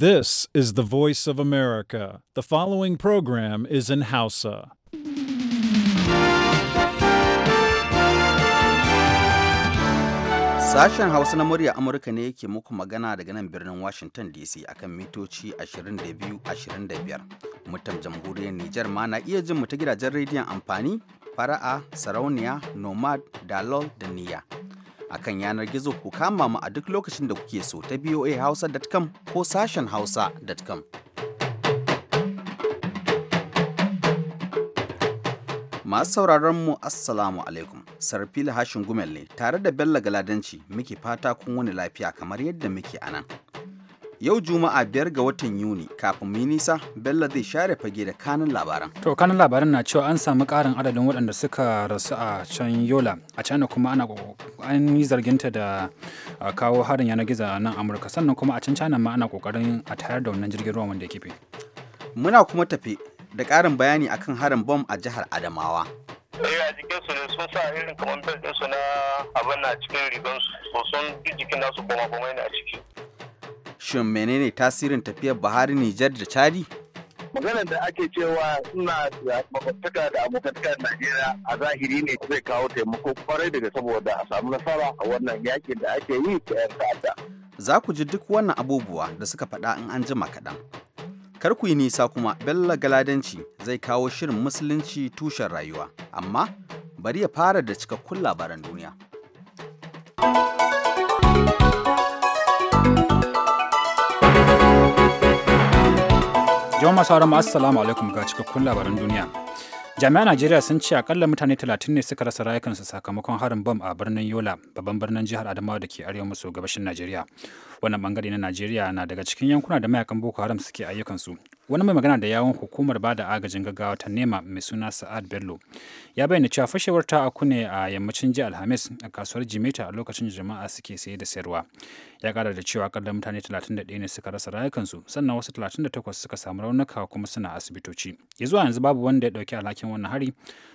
This is the voice of America. The following program is in Hausa. Sashen Hausa na murya Amurka ne yake muku magana daga nan birnin Washington DC akan mitoci 22-25. biyar, jamhuriyar Nijar ma na iya jin mu ta gidajen rediyon amfani, fara'a, sarauniya, nomad, dalol da niyya. akan yanar gizo ku kama mu a duk lokacin da kuke so ta voahausa.com ko sashen hausa.com. Masu sauraron mu Assalamu alaikum, Sarfila Hashin Gumel ne tare da Bello Galadanci muke fata kun wani lafiya kamar yadda muke a nan. Yau Juma'a biyar ga watan Yuni kafin mu nisa Bello zai share fage da kanin labaran. To kanin labaran na cewa an samu karin adadin waɗanda suka rasu a can Yola a China kuma ana an yi zarginta da kawo harin yanar gizo nan Amurka sannan kuma a can China ma ana kokarin a tayar da wannan jirgin ruwan wanda ya kife. Muna kuma tafe da ƙarin bayani akan harin bom a jihar Adamawa. Ya eh, jikin sun sa irin kamar na abin na cikin rigansu sun jikin nasu koma-komai ne a ciki. Shin menene tasirin tafiyar Buhari Nijar da Chadi? maganar da ake cewa suna makwabtaka da abokantaka a Najeriya a zahiri ne zai kawo taimako kwarai daga saboda a samu nasara a wannan yakin da ake yi ta 'yan ta'adda. Za ku ji duk wannan abubuwa da suka faɗa in an jima kaɗan. Kar ku yi nisa kuma Bello Galadanci zai kawo shirin musulunci tushen rayuwa, amma bari ya fara da cikakkun labaran duniya. thank you Jama'a masu haramu assalamu alaikum ga cikakkun labaran duniya. Jami'an Najeriya sun ce akalla mutane 30 ne suka rasa rayukansu sakamakon harin bom a birnin Yola, babban birnin jihar Adamawa da ke arewa maso gabashin Najeriya. Wannan bangare na Najeriya na daga cikin yankuna da mayakan Boko Haram suke ayyukansu, wani mai magana da yawon hukumar ba da agajin gaggawa ta nema mai suna sa'ad bello ya bayyana cewa fashewar ta aku ne a yammacin jiya alhamis a kasuwar jimeta a lokacin jama'a suke saye da sayarwa ya kara da cewa akalla mutane 31 ne suka rasa rayukansu sannan wasu 38 suka samu raunuka kuma suna asibitoci ya zuwa yanzu babu wanda ya dauki alhakin wannan hari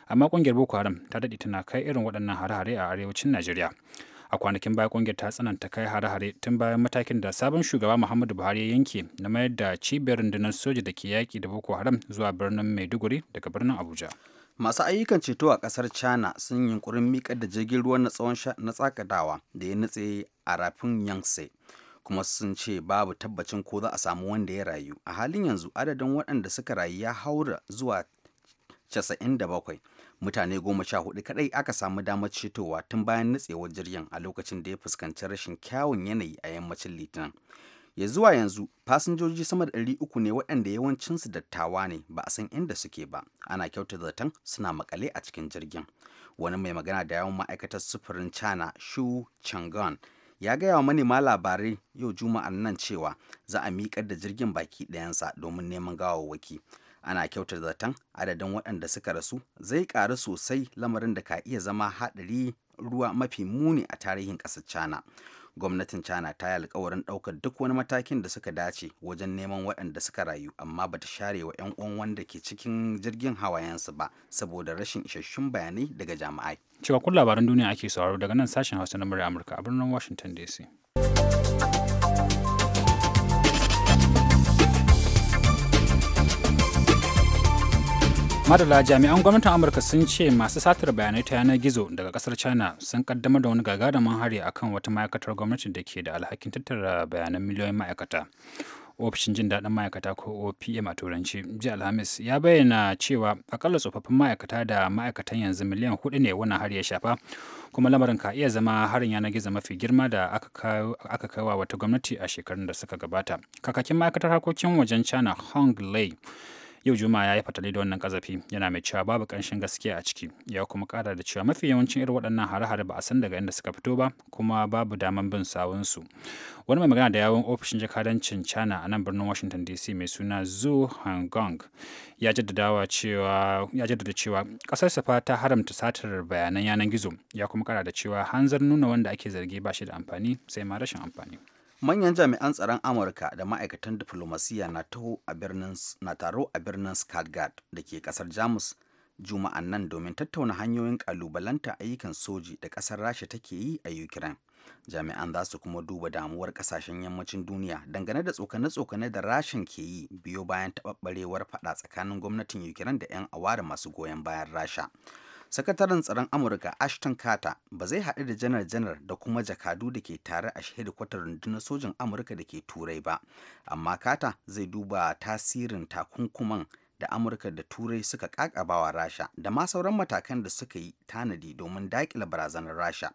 amma kungiyar boko haram ta daɗe tana kai irin waɗannan hare-hare a arewacin najeriya a kwanakin baya kungiyar ta tsananta kai hare-hare tun bayan matakin da sabon shugaba muhammadu buhari ya yanke na mayar da cibiyar rundunar soja da ke yaƙi da boko haram zuwa birnin maiduguri daga birnin abuja masu ayyukan ceto a kasar china sun yunkurin miƙar da jirgin ruwa na tsawon na tsakadawa da ya nutse a rafin yangtze kuma sun ce babu tabbacin ko za a samu wanda ya rayu a halin yanzu adadin waɗanda suka rayu ya haura zuwa 97 mutane goma sha hudu kadai aka samu damar cetowa tun bayan nutsewar jirgin a lokacin da ya fuskanci rashin kyawun yanayi a yammacin litinin ya zuwa yanzu fasinjoji sama da ɗari ne waɗanda yawancinsu dattawa ne ba a san inda suke ba ana kyauta zaton suna makale a cikin jirgin wani mai magana da yawan ma'aikatar sufurin china shu changan ya gaya wa manema labarai yau juma'ar nan cewa za a miƙar da jirgin baki ɗayansa domin neman gawawwaki ana kyautar zaton adadin waɗanda suka rasu zai ƙaru sosai lamarin da ka iya zama haɗari ruwa mafi muni a tarihin ƙasar china gwamnatin china ta yi alkawarin ɗaukar duk wani matakin da suka dace wajen neman waɗanda suka rayu amma ba ta share wa 'yan uwan wanda ke cikin jirgin hawayensu ba saboda rashin isasshun bayanai daga jami'ai kun labaran duniya ake sauraro daga nan sashen hausa na murya amurka a birnin washington dc madala jami'an gwamnatin amurka sun ce masu satar bayanai ta yanar gizo daga kasar china sun kaddamar da wani gagarumin hari akan wata ma'aikatar gwamnati da ke da alhakin tattara bayanan miliyoyin ma'aikata ofishin jin daɗin ma'aikata ko opm a turanci jiya alhamis ya bayyana cewa akalla tsofaffin ma'aikata da ma'aikatan yanzu miliyan hudu ne wannan har ya shafa kuma lamarin ka iya zama harin yanar gizo mafi girma da aka kai wata gwamnati a shekarun da suka gabata kakakin ma'aikatar harkokin wajen china hong lei yau juma'a ya yi fatali da wannan kazafi yana mai cewa babu ƙanshin gaskiya a ciki ya kuma ƙara da cewa mafi yawancin irin waɗannan hare-hare ba a san daga inda suka fito ba kuma babu daman bin sawunsu wani mai magana da yawon ofishin jakadancin china a nan birnin washington dc mai suna zu hangong ya jaddada cewa ya jaddada cewa ƙasar safa ta haramta satar bayanan yanar gizo ya kuma ƙara da cewa hanzar nuna wanda ake zargi ba shi da amfani sai ma rashin amfani. manyan jami'an tsaron amurka da ma'aikatan diflomasiyya na taro a birnin skatgard da ke kasar jamus juma'an nan domin tattauna hanyoyin kalubalanta ayyukan soji da kasar rasha take yi a ukraine jami'an za su kuma duba damuwar kasashen yammacin duniya dangane da tsokane-tsokane da rashin ke yi biyo bayan taɓaɓɓarewar faɗa tsakanin gwamnatin ukraine da 'yan awara masu goyon bayan rasha sakataren tsaron amurka ashton carter ba zai haɗu da janar-janar da kuma jakadu da ke tare a hedikwatar rundunar sojin amurka da ke turai ba amma carter zai duba tasirin takunkuman da amurka da turai suka kakabawa rasha da ma sauran matakan da suka yi tanadi domin daƙile barazanar rasha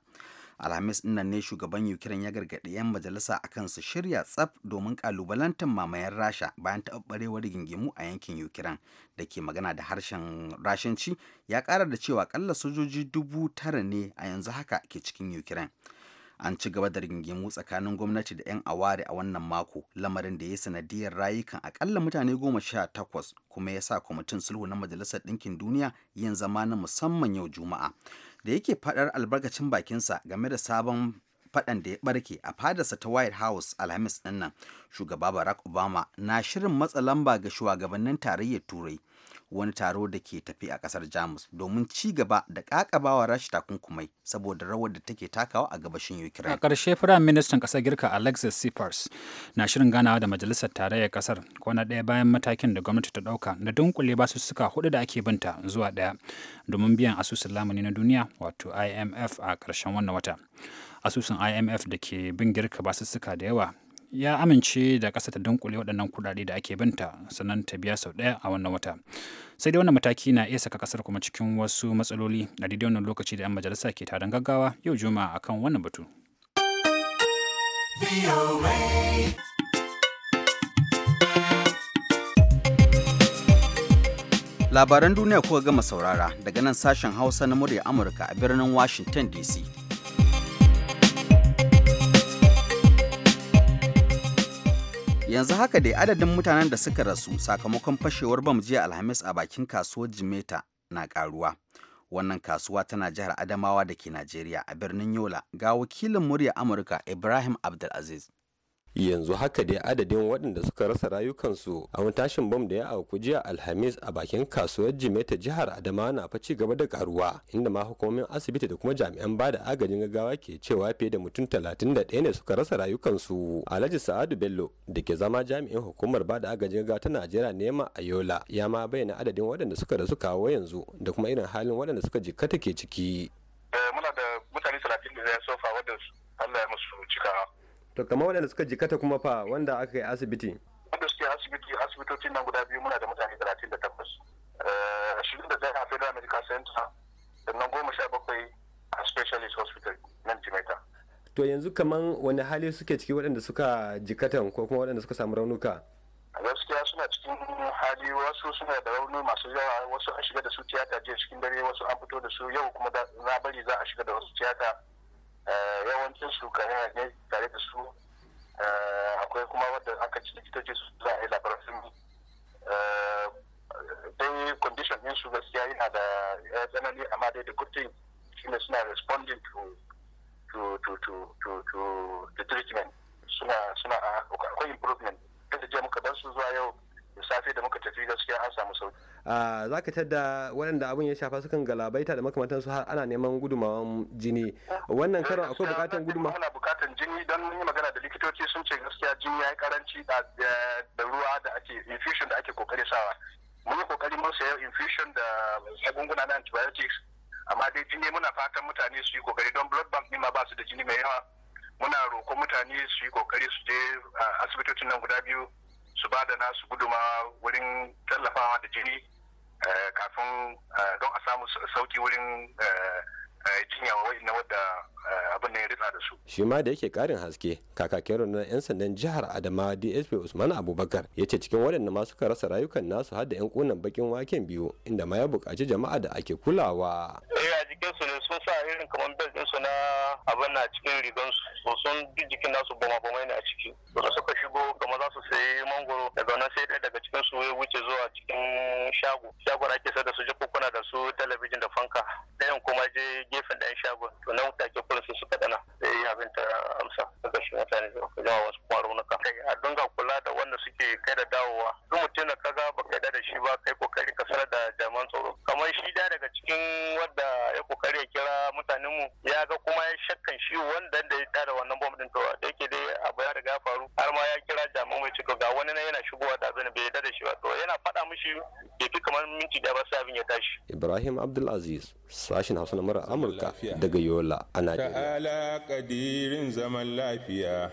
alhamis dinnan ne shugaban ukraine ya gargaɗi 'yan majalisa akan su shirya tsaf domin kalubalantar mamayen rasha bayan taɓarɓarewar rigingimu a yankin ukraine da ke magana da harshen rashanci ya kara da cewa ƙalla sojoji dubu tara ne a yanzu haka ke cikin ukraine an ci gaba da rigingimu tsakanin gwamnati da 'yan aware a wannan mako lamarin da ya sanadiyar rayukan akalla mutane goma sha takwas kuma ya sa kwamitin sulhu na majalisar ɗinkin duniya yin zama na musamman yau juma'a da yake faɗar albarkacin bakinsa game da sabon faɗan da ya ɓarke a fadarsa ta white house alhamis ɗin nan shugaba barack obama na shirin matsa lamba ga shugabannin tarayyar turai wani taro da ke tafi a kasar jamus domin ci gaba da kakabawa rashi takunkumai saboda rawar da take takawa a gabashin ukraine a ƙarshe firayim ministan ƙasar girka alexis tsipras na shirin ganawa da majalisar tarayyar ƙasar kwana ɗaya bayan matakin da gwamnati ta ɗauka na dunkule suka hudu da ake binta zuwa ɗaya domin biyan asusun lamuni na duniya wato imf a ƙarshen wannan wata asusun imf da ke bin girka basussuka da yawa ya amince da ƙasa ta dunkule waɗannan kuɗaɗe da ake binta sannan ta biya sau ɗaya a wannan wata sai dai wannan mataki na iya saka ƙasar kuma cikin wasu matsaloli a daidai wannan lokaci da 'yan majalisa ke taron gaggawa yau juma'a akan wannan batu labaran duniya kuka gama saurara daga nan sashen hausa na murya amurka a birnin washington dc yanzu haka dai adadin mutanen da suka rasu sakamakon fashewar bam jiya alhamis a bakin kasuwar jimeta na karuwa wannan kasuwa tana jihar adamawa da ke najeriya a birnin yola ga wakilin murya amurka ibrahim abdulaziz yanzu haka dai adadin waɗanda suka rasa rayukansu a wani tashin bom da ya auku jiya alhamis a bakin kasuwar jimeta jihar adama na fa ci gaba da karuwa inda ma hukumomin asibiti da kuma jami'an bada agajin gaggawa ke cewa fiye da mutum talatin da ɗaya ne suka rasa rayukansu alhaji sa'adu bello da ke zama jami'in hukumar bada agajin gaggawa ta najeriya nema ayola ya ma bayyana adadin waɗanda suka rasu kawo yanzu da kuma irin halin waɗanda suka jikkata ke ciki. Eh, muna da mutane talatin da ya sofa wadda Allah ya musu cikawa to kamar waɗanda suka jikata kuma fa wanda aka yi asibiti wanda suke asibiti asibitoci nan guda biyu muna da mutane talatin da tabbas eh, ashirin da zai a federal medical center da nan goma sha bakwai a specialist hospital nan jimaita to yanzu kaman wani hali suke ciki waɗanda suka jikatan ko kuma waɗanda suka samu raunuka gaskiya suna cikin hali wasu suna da rauni masu yawa wasu an shiga da su tiyata jiya cikin dare wasu an fito da su yau kuma na bari za a shiga da wasu tiyata Eh, yawancin su ne tare da su eh, akwai kuma wadda aka ci likitoci su za a yi labarafin eh, dai condition din su gaskiya yana da tsanani amma dai da good thing shine suna responding to the treatment suna suna akwai improvement da jiya muka dan su zuwa yau da safe da muka tafi gaskiya an samu sauki Ah, za ka tadda waɗanda abin ya shafa sukan galabaita da makamantansu har ana neman gudumawan jini wannan karon akwai bukatan guduma ma da yake karin haske kakakin rundunar 'yan sandan jihar adama dsp usman abubakar ya ce cikin waɗanda ma suka rasa rayukan nasu har da 'yan kunan bakin waken biyu inda ma ya buƙaci jama'a da ake kulawa eh, a jikin ne sun sa irin kamar bel na abin na cikin rigansu sun jikin nasu bama-bamai ne a ciki Aziz sashin Hausa na mara Amurka daga Yola a Najeriya. zaman lafiya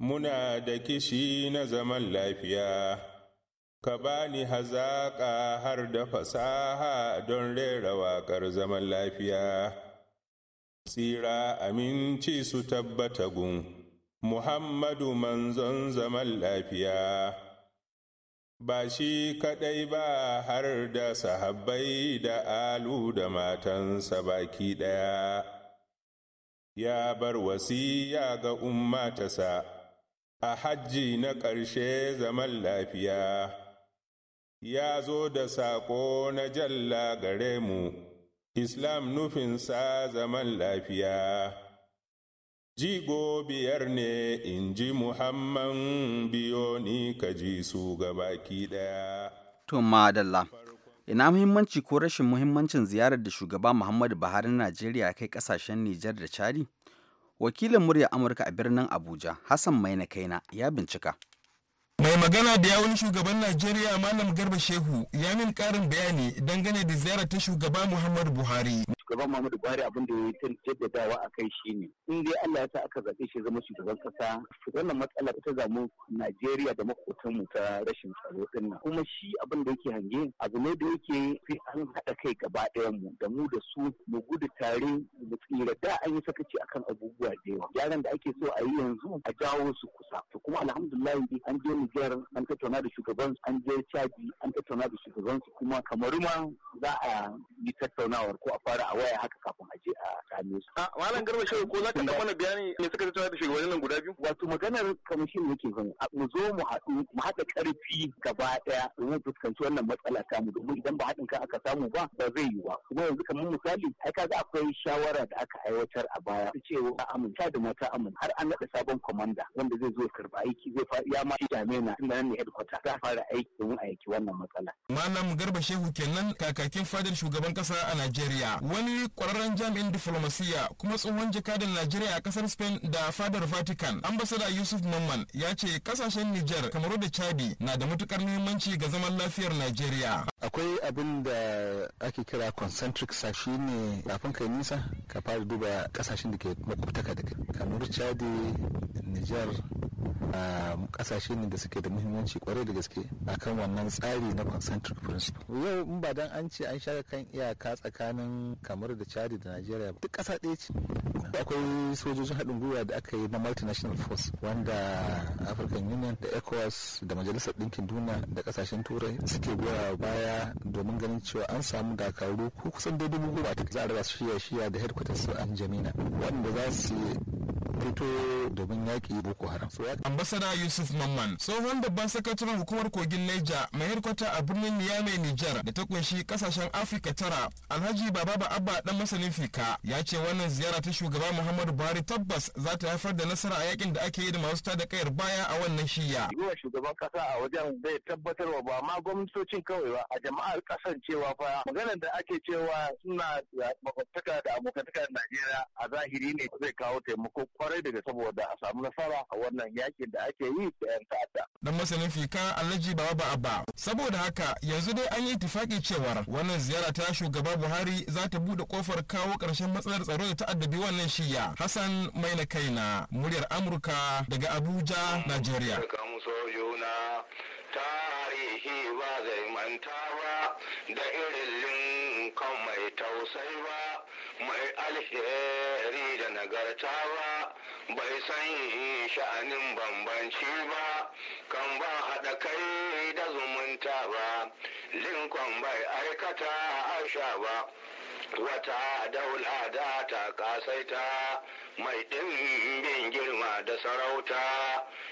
muna da kishi na zaman lafiya ka bani hazaƙa har da fasaha don rera waƙar zaman lafiya. Tsira aminci su tabbata gun Muhammadu manzon zaman lafiya. ba shi kaɗai ba har da sahabbai da alu da matansa baki ɗaya, ya bar wasiya ga ummatasa a hajji na ƙarshe zaman lafiya, ya zo da saƙo na jalla gare mu, Islam nufinsa zaman lafiya. jigo biyar ne in ji muhamman biyo ni ka ji su baki daya to madalla ina muhimmanci ko rashin muhimmancin ziyarar da shugaba muhammadu buhari na najeriya kai kasashen nijar da chadi wakilin murya amurka a birnin abuja hassan mai na kaina ya bincika mai magana da yawun shugaban najeriya malam garba shehu ya min karin bayani dangane da ziyarar ta shugaba muhammadu buhari gaban Muhammadu Buhari abin da ya yi jaddadawa a kai shi ne. In dai Allah ya sa aka zaɓe shi zama shugaban ƙasa, wannan matsala ta zamu Najeriya da makotanmu ta rashin tsaro ɗin nan. Kuma shi abin da yake hange abu ne da yake sai an haɗa kai gaba ɗayan mu da mu da su mu gudu tare mu tsira da an yi sakaci akan abubuwa da yawa. Gyaran da ake so a yi yanzu a jawo su kusa. To kuma alhamdulillah an je Nijar an tattauna da shugaban an je Chadi an tattauna da shugaban kuma kamar ma za a yi tattaunawar ko a fara a waya haka kafin a je a same su. Ah, malam garba shehu ko za ka da mana bayani me suka tattauna da shugabannin nan guda biyu. wato maganar kamishin yake zan mu zo mu haɗu mu haɗa ƙarfi gaba ɗaya domin fuskanci wannan matsala ta mu domin idan ba haɗin kan aka samu ba ba zai yi ba kuma yanzu kamar misali ai ga akwai shawara da aka aiwatar a baya ta cewa a aminta da mata amin har an naɗa sabon kwamanda wanda zai zo ya aiki zai fara ya ma jami'a na tunda nan ne headquarter za fara aiki domin a yaki wannan matsala. malam garba shehu kenan kakakin fadar shugaban kasa a najeriya wani wani kwararren jami'in diflomasiya kuma tsohon jakadan Najeriya a kasar Spain da fadar Vatican, ambasada Yusuf Mamman ya ce kasashen niger Kamaru da Chadi na da matukar muhimmanci ga zaman lafiyar Najeriya. akwai abin da ake kira concentric sa shi ne kafin kai nisa ka fara duba kasashen da ke makwabtaka da kamar chadi niger a um, kasashe ne da suke da muhimmanci kwarai da gaske akan wannan tsari na concentric principle yau in ba dan an ce an share kan iyaka tsakanin kamar da chadi da nigeria duk kasa ɗaya ce akwai sojojin haɗin gwiwa da aka yi na multinational force wanda african union da ecowas da majalisar ɗinkin duniya da kasashen turai suke goya baya baya domin ganin cewa an samu dakaru ko kusan dai dubu goma za a raba su shiya shiya da headquarters an jamina wanda za su fito domin yaƙi boko haram. ambasada yusuf mamman tsohon babban sakataren hukumar kogin neja mai harkwata a birnin niamey nijar da ta kunshi kasashen afirka tara alhaji baba ba abba dan masanin fika ya ce wannan ziyara ta shugaba muhammadu buhari tabbas za ta haifar da nasara a yakin da ake yi da masu tada kayar baya a wannan shiya. yiwa shugaban kasa a wajen zai tabbatarwa ba ma gwamnatocin kawai ba a jama'ar kasan cewa fa maganar da ake cewa suna makwabtaka da abokantaka da najeriya a zahiri ne zai kawo taimako kwarai daga saboda a samu nasara a wannan yakin da ake yi da 'yan ta'adda. Dan masanin fika Alhaji Baba ba Saboda haka yanzu dai an yi tufaki cewar wannan ziyara ta shugaba Buhari za ta buɗe kofar kawo ƙarshen matsalar tsaro da ta'addabi wannan shiya. Hassan Maina na muryar Amurka daga Abuja, Najeriya. tarihi ba zai manta ba da irin linkan mai tausai ba mai alheri da nagarta ba bai san sha'anin bambanci ba kan ba haɗa kai da zumunta ba linkon bai aikata harsha ba wata daula da ta kasaita mai ɗimbin girma da sarauta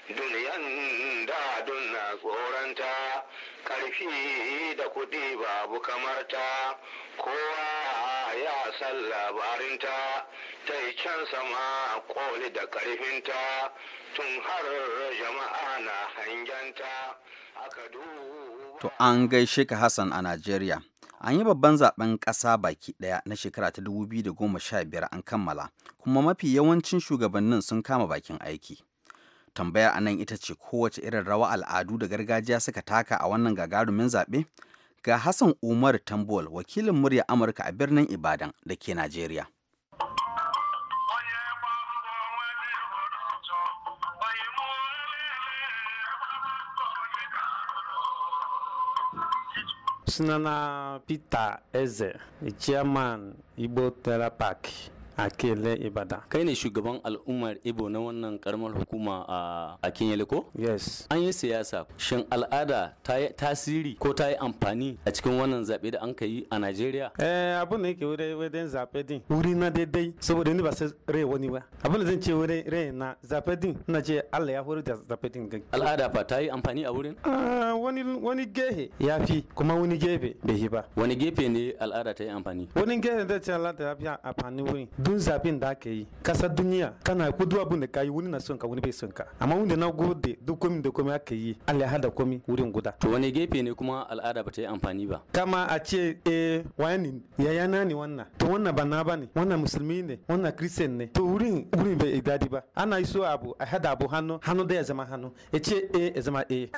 duniyan da dunna tsoronta ƙarfi da kuɗi babu kamarta kowa asal labarinta ta yi can sama koli da karfinta tun har jama'a na hangenta aka To an gaishe ka Hassan a Najeriya. An yi babban zaben ƙasa baki ɗaya na shekara ta 2015 an kammala, kuma mafi yawancin shugabannin sun kama bakin aiki. Tambaya a nan ita ce kowace irin rawa al'adu da gargajiya suka taka a wannan gagarumin zaɓe? Ga Hassan Umar Tambol wakilin murya Amurka a birnin Ibadan da ke Najeriya. sunana peter eze chairman igbo park a kele ibada kai ne shugaban al'ummar ibo na wannan karamar hukuma a kinyele ko yes an yi siyasa shin al'ada ta yi tasiri ko ta yi amfani a cikin wannan zaɓe da an ka yi a najeriya eh abin da yake wurin zaɓe din wuri na daidai saboda ni ba sai rai wani ba abin da zan ce wurin rai na zaɓe din na ce allah ya horar da zaɓe din al'ada fa ta yi amfani a wurin ah, wani wani gehe ya fi kuma wani gefe bai yi ba wani gefe ne al'ada ta yi amfani wani gefe da ce al'ada ya fi amfani wurin dun zaben da aka yi kasar duniya kana ko duk abin da ka yi wani na sonka wani bai sonka amma wanda na gode duk komi da komi aka yi Allah ya hada komi wurin guda to wani gefe ne kuma al'ada ba ta yi amfani ba kama a ce eh wani yayana ne wannan to wannan ba na bane wannan musulmi ne wannan christian ne to wurin wurin bai idadi ba ana yi so abu a hada abu hannu hannu da ya zama hannu ya ce eh ya zama eh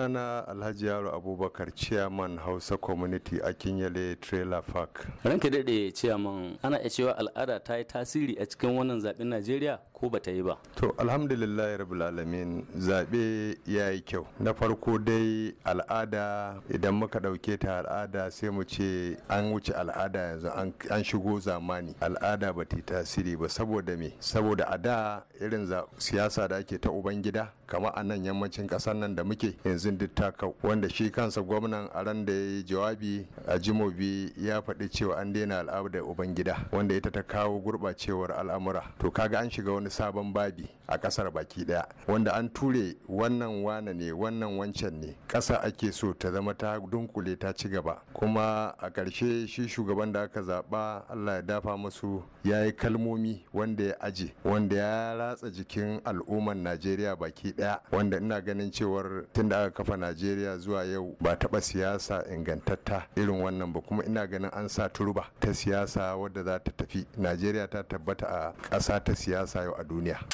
sunana alhaji yaro abubakar chairman hausa community a kinyale trailer park ranka daɗe chairman ana iya cewa al'ada ta yi tasiri a cikin wannan zaɓen najeriya ko ba ta yi ba to alhamdulillah rabbil alamin zaɓe ya yi kyau na farko dai al'ada idan muka ɗauke ta al'ada sai mu ce an wuce al'ada yanzu an shigo zamani al'ada ba ta tasiri ba saboda me saboda a da irin siyasa da ake ta ubangida kama a nan yammacin kasar nan da muke yanzu duk ta kau wanda shi kansa gwamnan a ran da ya yi jawabi a jimobi ya faɗi cewa an daina al'ada ubangida wanda ita ta kawo gurɓacewar al'amura to kaga an shiga wani wani sabon babi a kasar baki daya wanda an ture wannan wane ne wannan wancan ne kasa ake so ta zama ta dunkule ta ci gaba kuma a ƙarshe shi shugaban da aka zaɓa allah ya dafa musu ya yi kalmomi wanda ya aje wanda ya ratsa jikin al'umman najeriya baki daya wanda ina ganin cewar tun da aka kafa najeriya zuwa yau ba taba siyasa ingantatta irin wannan ba kuma ina ganin an sa turba ta siyasa wadda za ta tafi najeriya ta tabbata a ƙasa ta siyasa yau a duniya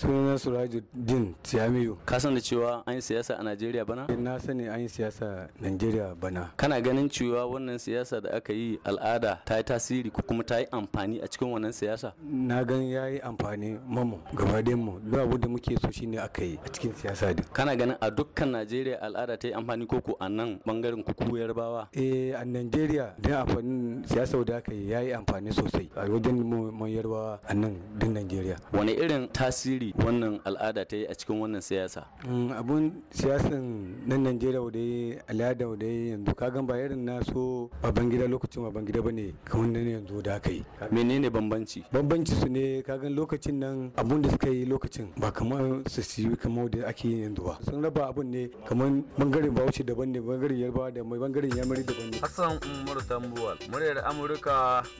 sunana surajuddin tiyamiyu ka san da cewa an yi siyasa a najeriya bana na sani an yi siyasa najeriya bana kana ganin cewa wannan siyasa da aka yi al'ada ta yi tasiri ko kuma ta yi amfani a cikin wannan siyasa na gan ya yi amfani mamu gabaɗayan mu duk abu da muke so shine aka yi a cikin siyasa din kana ganin a dukkan najeriya al'ada ta yi amfani ko ko a nan bangaren kuku yarbawa eh a najeriya da amfanin siyasa da aka yi ya yi amfani sosai a wajen mu yarbawa a nan din najeriya wani irin tasiri wannan al'ada ta yi a cikin wannan siyasa mm, abun siyasan nan najeriya ya al'ada da yanzu kagan ba irin na so baban gida lokacin baban gida bane kamar ne yanzu da aka yi menene bambanci bambanci su ne kagan lokacin nan abun da suka yi lokacin ba kamar su siyi kamar da ake yi yanzu ba sun raba abun ne kamar bangaren bahaushe daban ne bangaren yarbawa da mai bangaren yamari daban ne hassan umar tambuwal muryar amurka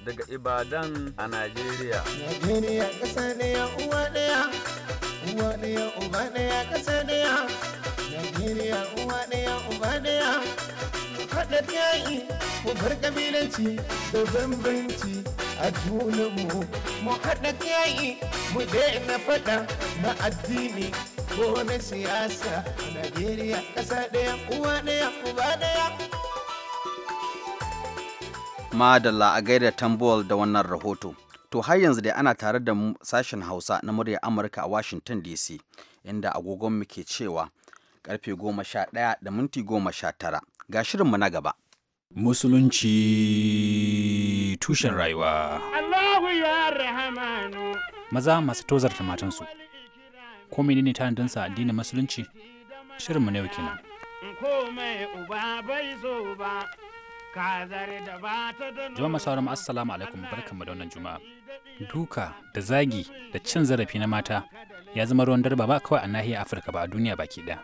daga ibadan a najeriya najeriya ƙasa ne ya uwa ɗaya uwa ɗaya uba ɗaya ƙasa ɗaya Najeriya uwa ɗaya uba ɗaya faɗar yayi mu bar ƙabilanci da bambanci a junanmu mu haɗa yayi mu daina faɗa na addini ko na siyasa a Najeriya ƙasa ɗaya uwa ɗaya uba ɗaya. Madalla a gaida tambuwal da wannan rahoto. To har yanzu dai ana tare da sashen Hausa na muryar Amurka a Washington DC, inda agogonmu ke cewa karfe goma sha ɗaya da minti goma sha tara. Ga shirinmu na gaba. Musulunci tushen rayuwa. Allahu ya rahamanu. Maza masu tozarta matansu. Ko menene tanadinsa addinin musulunci? Shirinmu na yau kenan. Ko mai uba bai zo ba. Jama'a sauran assalamu alaikum barkanmu da wannan juma'a. Duka da zagi da cin zarafi na mata ya zama ruwan darba ba kawai a nahiyar Afirka ba a duniya baki ɗaya.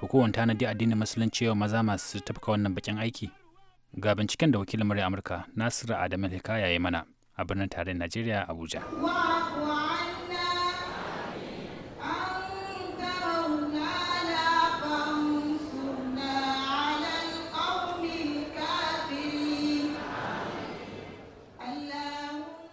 To kowane tanadi addinin musulunci yau maza masu tafka wannan bakin aiki. Ga binciken da wakilin murya Amurka Nasiru Adamu Hikaya ya yi mana a birnin tarayyar Najeriya Abuja.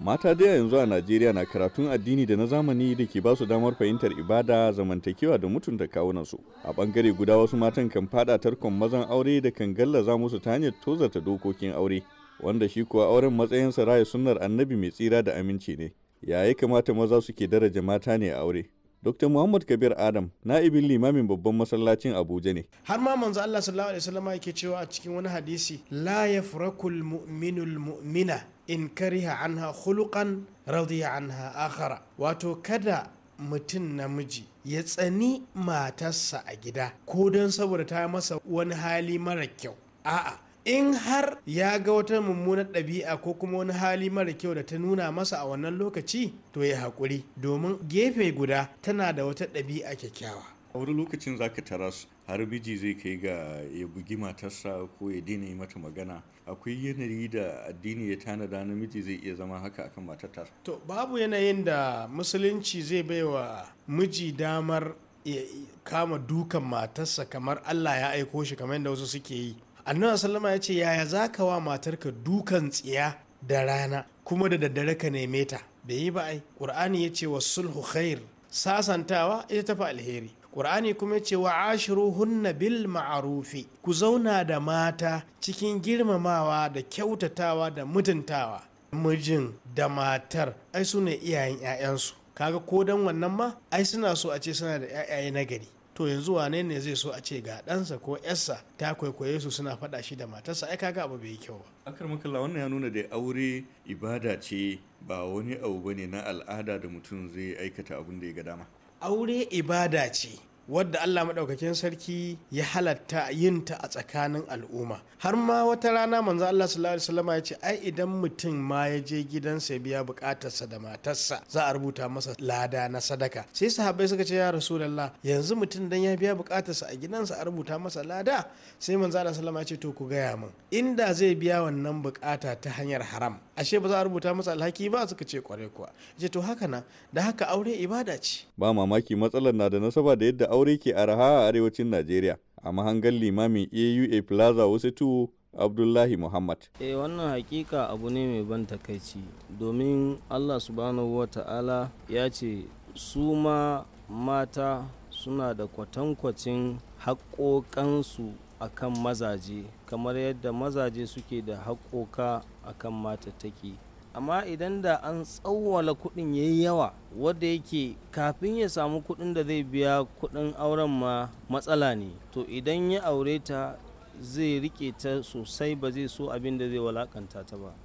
Mata da yanzu a Najeriya na karatun addini da na zamani da ke basu damar fahimtar ibada, zamantakewa da mutunta kawunansu. A bangare guda wasu matan kan fada tarkon mazan aure da kan gallaza musu ta hanyar tozarta dokokin aure, wanda shi kuwa auren matsayinsa raya sunnar annabi mai tsira da aminci ne. Yaya kamata maza suke daraja mata ne a aure? Dr. Muhammad Kabir Adam, na'ibin limamin babban masallacin Abuja ne. Har ma manzo Allah sallallahu alaihi wasallam yake cewa a cikin wani hadisi, la yafrakul mu'minul mu'mina in kariha anha khuluqan radiya anha akhara wato kada mutum namiji ya tsani matarsa a gida ko don saboda ta masa wani hali mara kyau a'a in har ya ga wata mummunar ɗabi'a ko kuma wani hali mara kyau da ta nuna masa a wannan lokaci to ya haƙuri domin gefe guda tana da wata ɗabi'a kyakkyawa a wani lokacin za ka tara har miji zai kai ga ya bugi matarsa ko ya daina yi mata magana akwai yanayi da addini ya tanada namiji zai iya zama haka akan matarsa to babu yanayin da musulunci zai baiwa miji damar ya kama dukan matarsa kamar allah ya aiko shi kamar yadda wasu suke yi annabi sallama ya ce yaya za ka wa ka dukan tsiya da rana kuma da daddare ka neme ta bai yi ba ai ƙur'ani ya ce wa sulhu khair sasantawa ita tafi alheri ƙur'ani kuma ce wa ashiruhunna bil ma'arufi ku zauna da mata cikin girmamawa da kyautatawa da mutuntawa mijin da matar ai su ne iyayen 'ya'yansu kaga ko dan wannan ma ai suna so a ce suna da 'ya'yaye na gari to yanzu wane ne zai so a ce ga ɗansa ko yarsa ta kwaikwaye su suna faɗa shi da matarsa ai kaga abu bai kyau ba akar makalla wannan ya nuna da aure ibada ce ba wani abu bane na al'ada da mutum zai aikata abin da ya ga dama aure ibada ce wadda Allah maɗaukakin sarki ya halatta yin ta a tsakanin al'umma har ma wata rana manzo Allah sallallahu alaihi wasallam ya ce ai idan mutum ma ya je gidansa ya biya bukatarsa da matarsa za a rubuta masa lada na sadaka sai sahabbai suka ce ya rasulullah yanzu mutum dan ya biya bukatarsa a gidansa a rubuta masa lada sai manzo Allah sallallahu alaihi ya ce to ku gaya mun. inda zai biya wannan bukata ta hanyar haram ashe ba za a rubuta masa alhaki ba suka ce kwarai kuwa ce to haka na da haka aure ibada ce ba mamaki matsalar na da nasaba da yadda aure ke araha a arewacin najeriya a mahangar limamin aua plaza wasu tuwo abdullahi muhammad eh wannan hakika abu ne mai ban takaici domin allah subhanahu wa ta'ala ya ce su ma mata suna da kwatankwacin haƙoƙansu akan mazaje kamar yadda mazaje suke da haƙoƙa akan matattaki amma idan da an tsawwala kuɗin ya yi yawa wadda yake kafin ya samu kuɗin da zai biya kuɗin auren ma matsala ne to idan ya aure ta zai rike ta sosai ba zai so abin da zai walakanta ta ba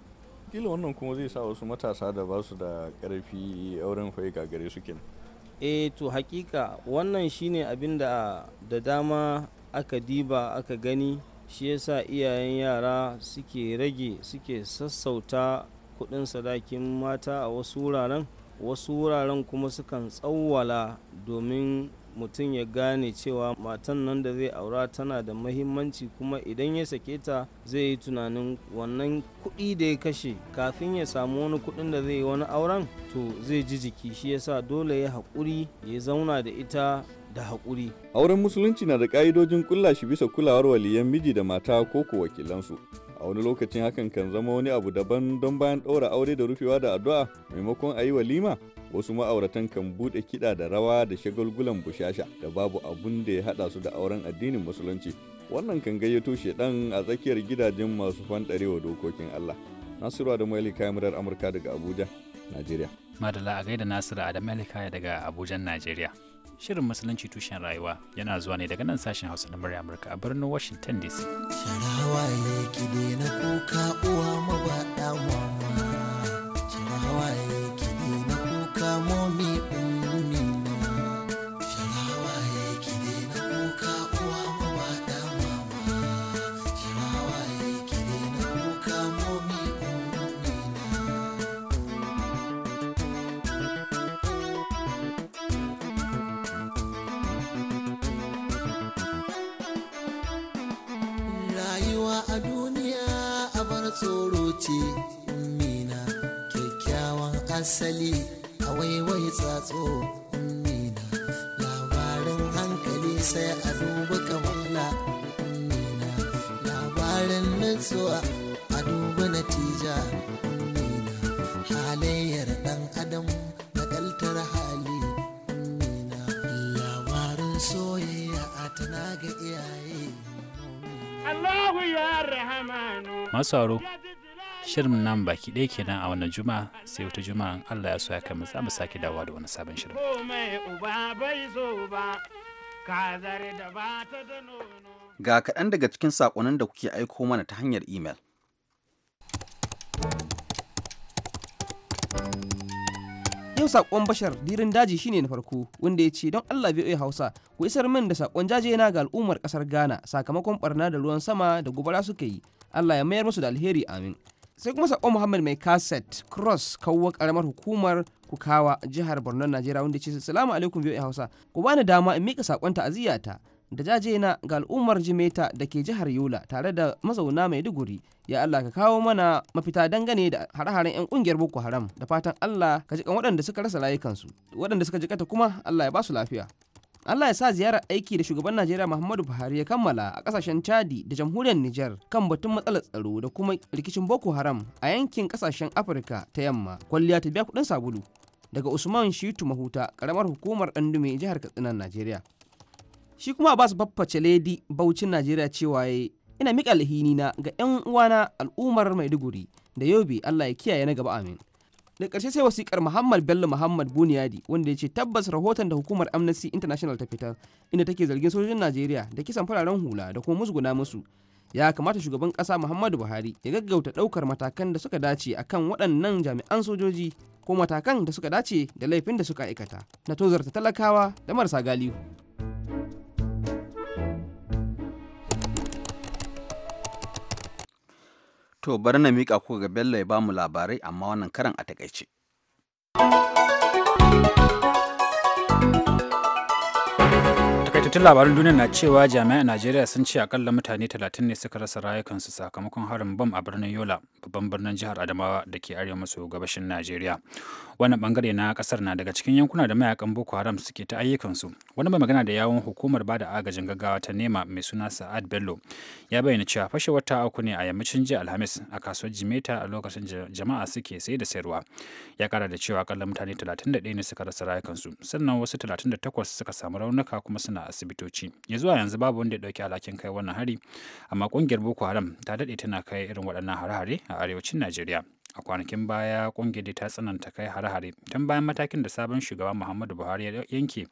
kila wannan kuma zai sa wasu matasa da ba su da ƙarfi auren fai gare su eh to hakika wannan shine abin da da dama aka diba aka gani shi yasa iyayen yara suke rage suke sassauta kudin sadakin mata a wasu wuraren wasu wuraren kuma sukan tsawwala domin mutum ya gane cewa matan nan da zai aura tana da mahimmanci kuma idan ya sake ta zai yi tunanin wannan kuɗi da ya kashe kafin ya samu wani kuɗin da zai yi wani auren to zai ji jiki shi yasa dole ya haƙuri ya zauna da ita da haƙuri. Auren musulunci na da ƙa'idojin kulla shi bisa kulawar waliyan miji da mata ko ko wakilansu. A wani lokacin hakan kan zama wani abu daban don bayan ɗaura aure da rufewa da addu'a maimakon a yi walima wasu ma'auratan kan buɗe kiɗa da rawa da shagulgulan bushasha da babu abun da ya haɗa su da auren addinin musulunci. Wannan kan gayyato ɗan a tsakiyar gidajen masu fanɗarewa dokokin Allah. Nasiru da Maili kamarar Amurka daga Abuja, Najeriya. Madala a gaida Nasiru da Maili daga Abuja, Najeriya. Shirin Musulunci tushen rayuwa yana zuwa ne daga nan sashen Hausa na murya Amurka a birnin Washington DC. Sharawa ya na kuka uwa mabaɗa mama. ce nina kyakkyawan asali a waiwai tsatso ummina labarin hankali sai a duba kamala ummina labarin nutsuwa a duba natija ummina halayyar dan adam na hali ummina labarin soyayya a tana ga iyaye Allahu ya rahamanu. Masaro, shirin nan baki ɗaya kenan a wannan juma sai wata juma Allah ya so ya kama za mu sake dawowa da wani sabon shirin. Ga kaɗan daga cikin saƙonin da kuke aiko mana ta hanyar imel. yau saƙon bashar dirin daji shine na farko wanda ya ce don allah bai hausa ku isar min da sakon jajena ga al'ummar ƙasar ghana sakamakon barna da ruwan sama da gobara suka yi allah ya mayar musu da alheri amin sai kuma sakon muhammad mai kaset cross kawo karamar hukumar kukawa jihar borno najeriya wanda ce salamu alaikum biyu hausa ku bani dama in mika sakon aziyata da jaje na ga al'ummar jimeta da ke jihar yola tare da mazauna maiduguri ya allah ka kawo mana mafita dangane da hare-haren yan kungiyar boko haram da fatan allah ka jikan waɗanda suka rasa rayukansu waɗanda suka jikata kuma allah ya basu lafiya Allah ya sa ziyarar aiki da shugaban Najeriya Muhammadu Buhari ya kammala a kasashen Chadi da jamhuriyar Nijar kan batun matsalar tsaro da kuma rikicin Boko Haram a yankin kasashen Afirka ta yamma. Kwalliya ta biya kudin sabulu daga Usman Shitu Mahuta karamar hukumar Dandume jihar Katsina Najeriya. Shi kuma Abbas Baffa Chaledi Bauchin Najeriya cewa yayi ina miƙa alhini na ga 'yan uwana al'ummar Maiduguri da Yobe Allah ya kiyaye na gaba amin. da ƙarshe sai wasikar muhammad bello muhammad buniyadi wanda ya ce tabbas rahoton da hukumar amnesty international ta fitar inda take zargin sojojin najeriya da kisan fararen hula da kuma musguna musu ya kamata shugaban ƙasa muhammadu buhari ya gaggauta ɗaukar matakan da suka dace akan waɗannan jami'an sojoji ko matakan da suka dace da laifin da suka aikata na tozarta talakawa da marasa galihu To bari na miƙa ku ga Bello ya bamu labarai amma wannan karan a takaice. takaitattun labarin duniya na cewa jami'an najeriya sun ce akalla mutane 30 ne suka rasa rayukansu sakamakon harin bam a birnin yola babban birnin jihar adamawa da ke arewa maso gabashin najeriya wannan bangare na kasar na daga cikin yankuna da mayakan boko haram suke ta ayyukansu wani mai magana da yawon hukumar bada agajin gaggawa ta nema mai suna sa'ad bello ya bayyana cewa fashewar ta auku ne a yammacin jiya alhamis a kasuwar jimeta a lokacin jama'a suke sai da sayarwa ya kara da cewa akalla mutane 31 ne suka rasa rayukansu sannan wasu 38 suka samu raunuka kuma suna asibitoci ya zuwa yanzu babu wanda ya dauki alhakin kai wannan hari amma kungiyar boko haram ta dade tana kai irin waɗannan hare-hare a arewacin najeriya a kwanakin baya kungiyar ta tsananta kai hare-hare tun bayan matakin da sabon shugaba muhammadu buhari ya yanke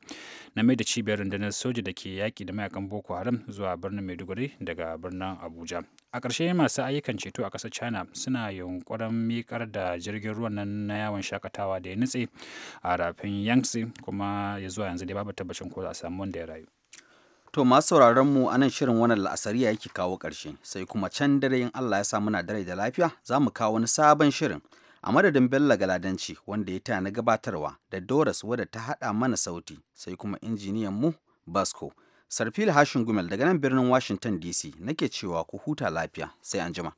na mai da cibiyar rundunar soja da ke yaƙi da mayakan boko haram zuwa birnin maiduguri daga birnin abuja a ƙarshe masu ayyukan ceto a ƙasar china suna yunkurin mikar da jirgin ruwan nan na yawon shakatawa da ya nutse a rafin yangtze kuma ya zuwa yanzu dai babu tabbacin ko za a samu wanda ya rayu To masu sauraron mu anan shirin wannan la'asariya yake kawo ƙarshe sai kuma can dare in Allah ya sa muna da da lafiya za mu kawo wani sabon shirin a madadin Bello Galadanci wanda ya tana gabatarwa da Doris wadda ta haɗa mana sauti sai kuma injiniyan mu Basco. Sarfil Hashin Gumel daga nan birnin Washington DC nake cewa ku huta lafiya sai anjima.